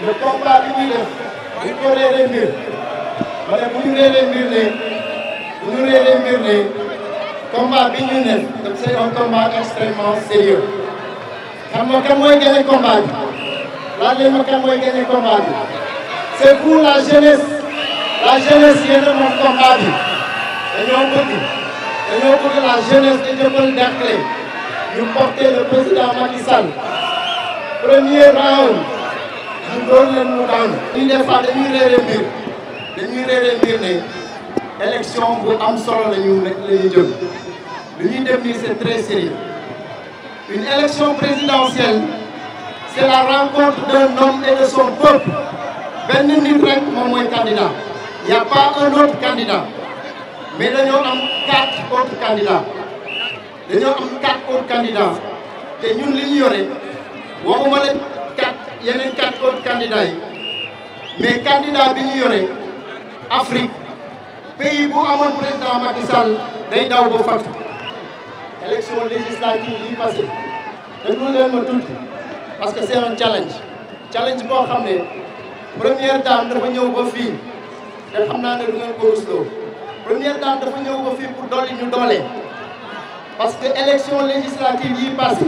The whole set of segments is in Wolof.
le combat bi ñuy def bu ñu ko réeree mbir ma ne bu ñu combat bi ñu c'est un combat extrêmement sérieux xam nga kan mooy le combat bi laaj quand ma kan le combat c'est pour la jeunesse la jeunesse est dans moom combat bi dañoo et dañoo bëgg la jeunesse de Dieuppeul-Derklé ñu porter le président Macky Sall premier round leen est daanu de des fois dañuy réere mbir dañuy élection bu am solo la ñu la ñu jëm lu ñuy c'est très sérieux une élection présidentielle c'est la rencontre d'un homme et de son peuple benn nit rek moom mooy candidat y a pas un autre candidat mais y am quatre autres candidats y am quatre autres candidats et ñun li ñu yore quatre quatre candidat yi mais candidat bi ñu yore Afrique pays bu amoon président Macky Sall day daw ba fàttu élection législative yi passé dañu leen parce que c'est un challenge challenge boo xam ne première dame dafa ñëw ba fii te xam naa ne du ngeen ko rusloo première dame dafa ñëw ba fii pour dolli ñu doole parce que élection législative yi passé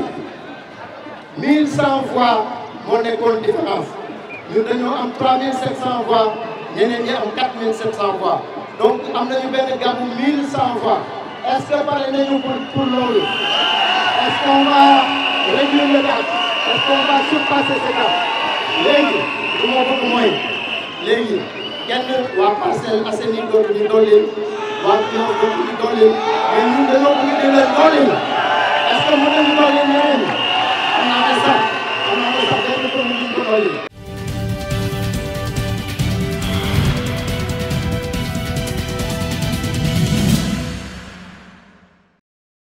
mille cent voix moo nekkoon nous donnons en 3700 voix, nous avons 4700 voix. Donc, nous avons 1100 voix. Est-ce que parlez nous pour, pour l'eau Est-ce qu'on va réduire le dates Est-ce qu'on va surpasser ces dates Les nous avons moins. Les quel ne va passer à ces niveaux de l'école Mais nous devons nous donner Est-ce que vous voulez nous donner